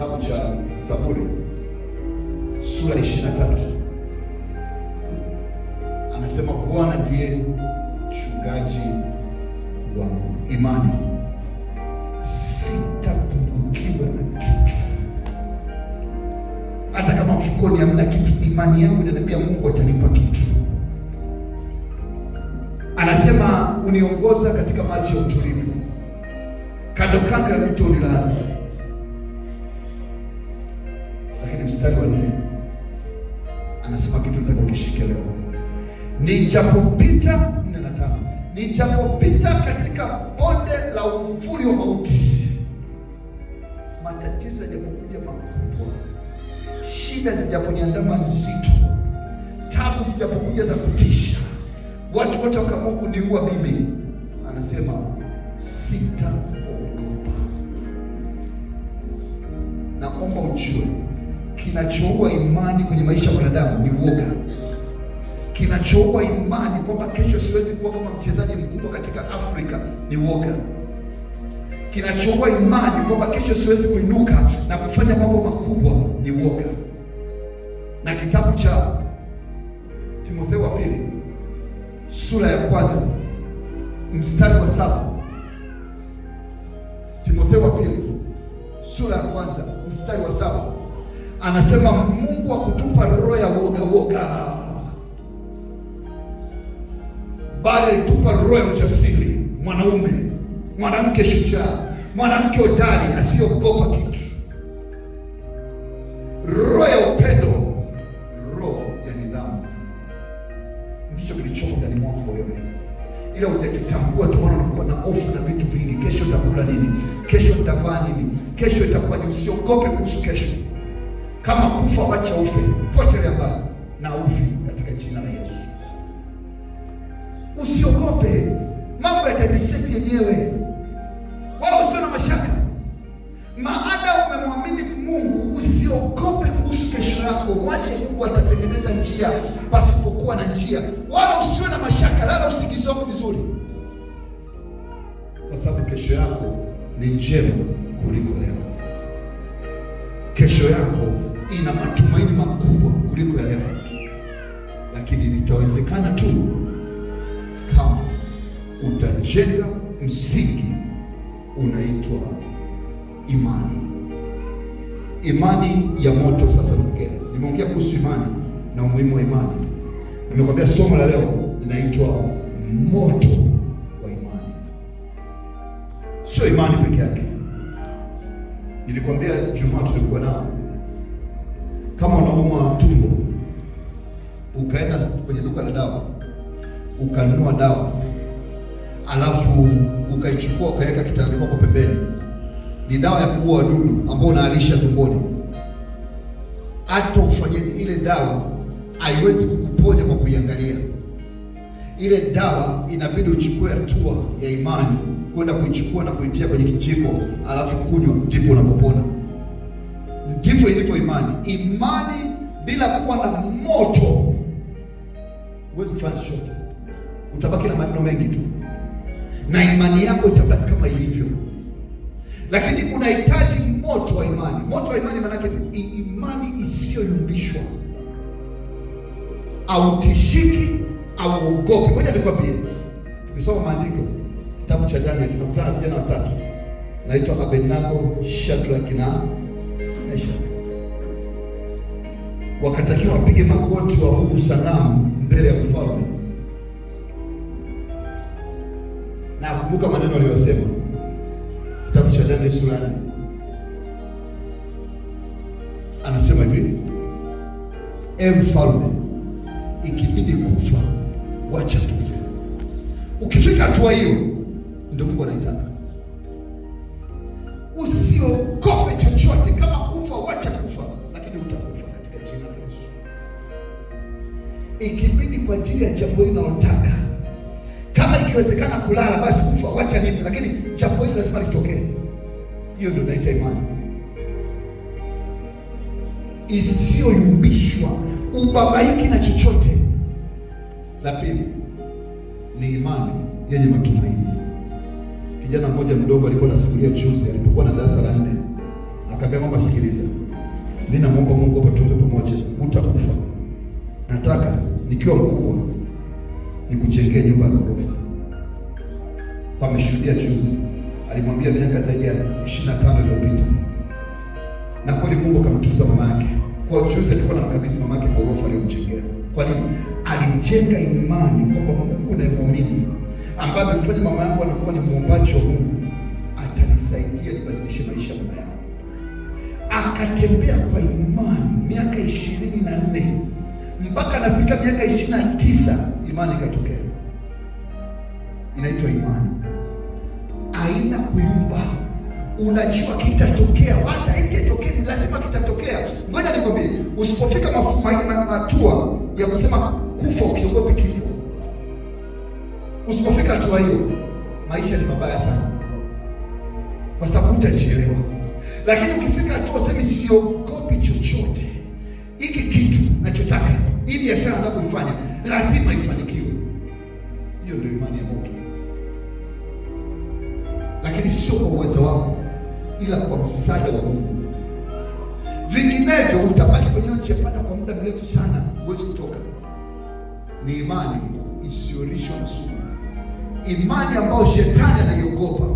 kitabu cha Zaburi sura ya 23 anasema Bwana ndiye mchungaji wa imani, sitapungukiwa na kitu. Hata kama mfukoni hamna kitu, imani yangu inaniambia Mungu atanipa kitu. Anasema uniongoza katika maji ya utulivu, kando kando ya mito unilaza lakini mstari wa nne anasema kitu nataka ukishike leo, nijapopita nne na tano, nijapopita katika bonde la uvuli wa mauti. Matatizo yajapokuja makubwa, shida zijaponiandama nzito, tabu zijapokuja za kutisha, watu wote wakaamua kuniua mimi, anasema sitakuogopa. Naomba ujue kinachoua imani kwenye maisha ya mwanadamu ni uoga. Kinachoua imani kwamba kesho siwezi kuwa kama mchezaji mkubwa katika Afrika ni uoga. Kinachoua imani kwamba kesho siwezi kuinuka na kufanya mambo makubwa ni uoga. Na kitabu cha Timotheo wa pili sura ya kwanza mstari wa saba Timotheo wa pili sura ya kwanza mstari wa saba anasema Mungu akutupa roho ya woga woga, bali alitupa roho ya ujasiri, mwanaume, mwanamke shujaa, mwanamke hodari asiyogopa kitu, roho ya upendo, roho ya nidhamu. Ndicho kilichoko ndani mwako wewe, ila hujakitambua. Ndio maana unakuwa na hofu na vitu vingi. Kesho nitakula nini? Kesho nitavaa nini? Kesho itakuwa, usiogope kuhusu kesho. Kama kufa wacha ufe, potelea mbali na ufi katika jina la Yesu. Usiogope, mambo yatajiseti yenyewe, wala usio na mashaka, maada umemwamini Mungu. Usiogope kuhusu kesho yako, mwache Mungu atatengeneza njia pasipokuwa na njia, wala usio na mashaka, lala usingizi wako vizuri, kwa sababu kesho yako ni njema kuliko leo. Kesho yako ina matumaini makubwa kuliko ya leo, lakini litawezekana tu kama utajenga msingi unaitwa imani, imani ya moto. Sasa niongea nimeongea kuhusu imani na umuhimu wa imani. Nimekwambia somo la leo linaitwa moto wa imani. Sio imani peke yake, nilikwambia Jumaa tulikuwa nao kama unaumwa tumbo, ukaenda kwenye duka la dawa ukanunua dawa, alafu ukaichukua ukaweka kitandani kwako pembeni, ni dawa ya kuua wadudu ambao unaalisha tumboni. Hata ufanyeje, ile dawa haiwezi kukuponya kwa kuiangalia. Ile dawa inabidi uchukue hatua ya imani kwenda kuichukua na kuitia kwenye kijiko, alafu kunywa, ndipo unapopona. Ndivyo ilivyo imani. Imani bila kuwa na moto huwezi kufanya chochote, utabaki na maneno mengi tu, na imani yako itabaki kama ilivyo. Lakini unahitaji moto wa imani. Moto wa imani maanake ni imani isiyoyumbishwa, autishiki, auogopi. Ngoja nikwambie, tukisoma maandiko kitabu cha Danieli tunakutana na vijana watatu, naitwa Abednego, Shadraka na maisha. Wakatakiwa wapige magoti waabudu sanamu mbele ya mfalme, na akumbuka maneno aliyosema, kitabu cha Daniel sura ya anasema hivi, e mfalme, ikibidi kufa wacha tufe. Ukifika hatua hiyo kwa ajili ya jambo hili naotaka Kama ikiwezekana kulala, basi kufa wacha nife, lakini jambo hili lazima litokee. Hiyo ndio naita imani isiyoyumbishwa, ubabaiki na chochote. La pili ni imani yenye matumaini. Kijana mmoja mdogo alikuwa anasimulia juzi, alipokuwa na darasa la nne, akaambia mama, sikiliza, mimi namuomba Mungu hapa pamoja uta Nikiwa mkubwa ni kujengea nyumba ya ghorofa. Ameshuhudia juzi, alimwambia miaka zaidi ya 25 iliyopita, na kweli Mungu akamtunza mama yake. Kwa juzi alikuwa na mkabizi mama yake ghorofa aliyomjengea. Kwa nini? Alijenga imani kwamba Mungu muumini ambaye amfanya mama yangu anakuwa ni muombaji wa Mungu atanisaidia nibadilishe maisha mama yangu. Akatembea kwa imani miaka ishirini na nne mpaka anafika miaka ishirini na tisa imani ikatokea, inaitwa imani aina kuyumba. Unajua kitatokea, hata ikitokea ni lazima kitatokea. Ngoja nikwambie, usipofika matua ya kusema kufa ukiogopi kifo, usipofika hatua hiyo, maisha ni mabaya sana, kwa sababu utajielewa. Lakini ukifika hatua usemi sio kufanya lazima ifanikiwe. Hiyo ndio imani ya moto, lakini sio kwa uwezo wako, ila kwa msaada wa Mungu. Vinginevyo utabaki kwenye njia panda kwa muda mrefu sana, huwezi kutoka. Ni imani isiyolishwa na sumu, imani ambayo shetani anaiogopa,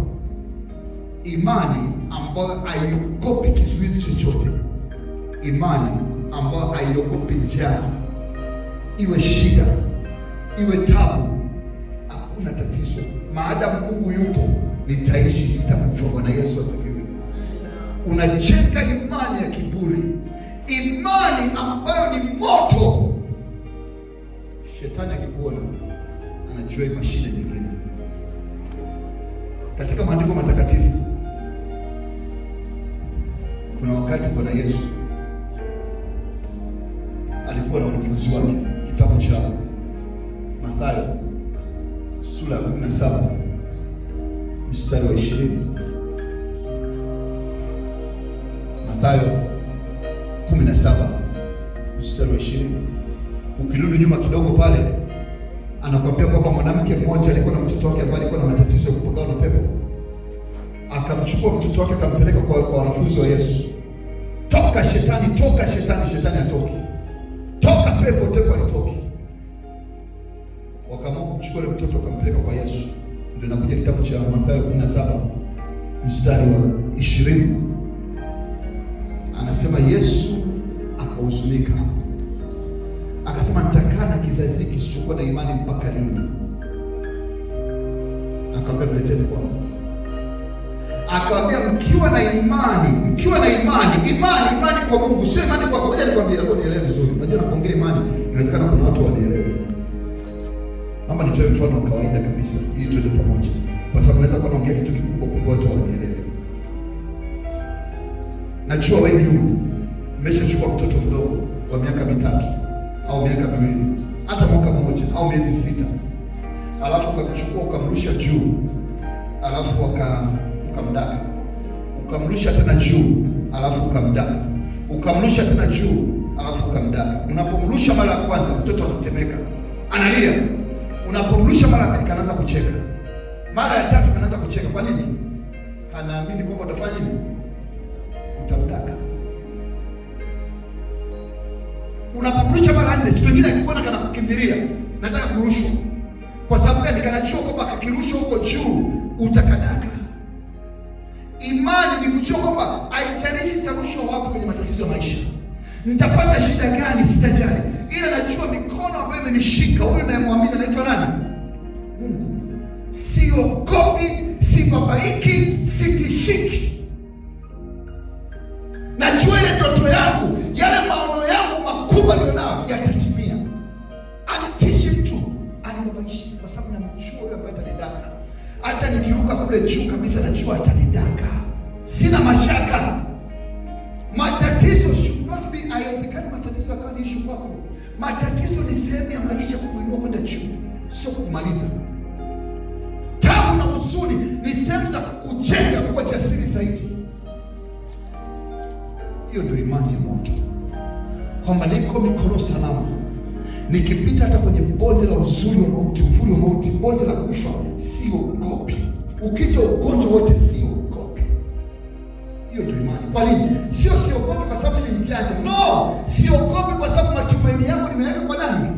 imani ambayo haiogopi kizuizi chochote, imani ambayo haiogopi njaa iwe shida, iwe tabu, hakuna tatizo, maadamu Mungu yupo, nitaishi sitakufa. Bwana Yesu asifiwe. Unacheka imani ya kiburi, imani ambayo ni moto. Shetani akikuona anajua mashine nyingine. Katika maandiko matakatifu kuna wakati Bwana Yesu alikuwa na wanafunzi wake kitabu cha Mathayo sura ya 17 mstari wa 20. Mathayo 17 mstari wa 20. Ukirudi nyuma kidogo pale anakuambia kwamba mwanamke mmoja alikuwa na mtoto wake ambaye alikuwa na matatizo ya kupagawa na pepo. Akamchukua mtoto wake akampeleka kwa, kwa wanafunzi wa Yesu. Toka shetani, toka shetani, shetani atoke. Toka pepo, pepo atoke. kitabu cha Mathayo 17 mstari wa 20, anasema Yesu akahuzunika, akasema nitakaa na kizazi hiki kisichokuwa na imani mpaka lini? akawambia mleteni kwangu. Akawaambia mkiwa na imani, mkiwa na imani, imani, imani kwa Mungu, sio imani kwa kawaida. Nikwambia, hapo nielewe vizuri. Unajua napoongea imani, inawezekana kuna watu wanielewe. Naomba nitoe mfano kawaida kabisa ili tuende pamoja kwa sababu naweza kuwa naongea kitu kikubwa, kumbe watu wanielewe. Najua wengi huku mmeshachukua mtoto mdogo wa miaka mitatu au miaka miwili hata mwaka mmoja au miezi sita, alafu ukamchukua ukamrusha juu, alafu ukamdaka, ukamrusha tena juu, alafu ukamdaka, ukamrusha tena juu, alafu ukamdaka. Unapomrusha mara ya kwanza mtoto anatemeka, analia. Unapomrusha mara ya pili, kanaanza kucheka mara ya tatu kanaanza kucheka. Kwa nini? Kanaamini kwamba utafanya nini? Utamdaka. Unapokurusha mara nne, siku nyingine akikuona kukimbilia, nataka kurushwa. Kwa sababu gani? Kanajua kwamba kakirushwa huko juu utakadaka. Imani ni kujua kwamba haijalishi nitarushwa wapi kwenye matatizo ya maisha, nitapata shida gani, sitajali, ila najua mikono ambayo imenishika, huyu nayemwamini anaitwa nani? Mungu siogopi, sibabaiki, sitishiki. Najua ile ndoto yangu, yale maono yangu makubwa ninayo yatatimia. Anitishi mtu anibabaishi, kwa sababu namjua huyo ambaye atanidaka. Hata nikiruka kule juu kabisa, najua atanidaka, sina mashaka. Matatizo should not be, haiwezekani matatizo yakawa ni ishu kwako. Matatizo ni sehemu ya maisha, kukuinua kwenda juu, sio kumaliza makusudi ni sehemu za kujenga kuwa jasiri zaidi. Hiyo ndio imani ya moto, kwamba niko mikono salama, nikipita hata kwenye bonde la uzuri wa mauti, uvuli wa mauti, bonde la kufa, siogopi. Ukija ugonjwa wote, siogopi. Hiyo ndio imani. Kwa nini? Sio siogopi kwa sababu ni mjanja, no, siogopi kwa sababu matumaini yangu nimeweka kwa nani?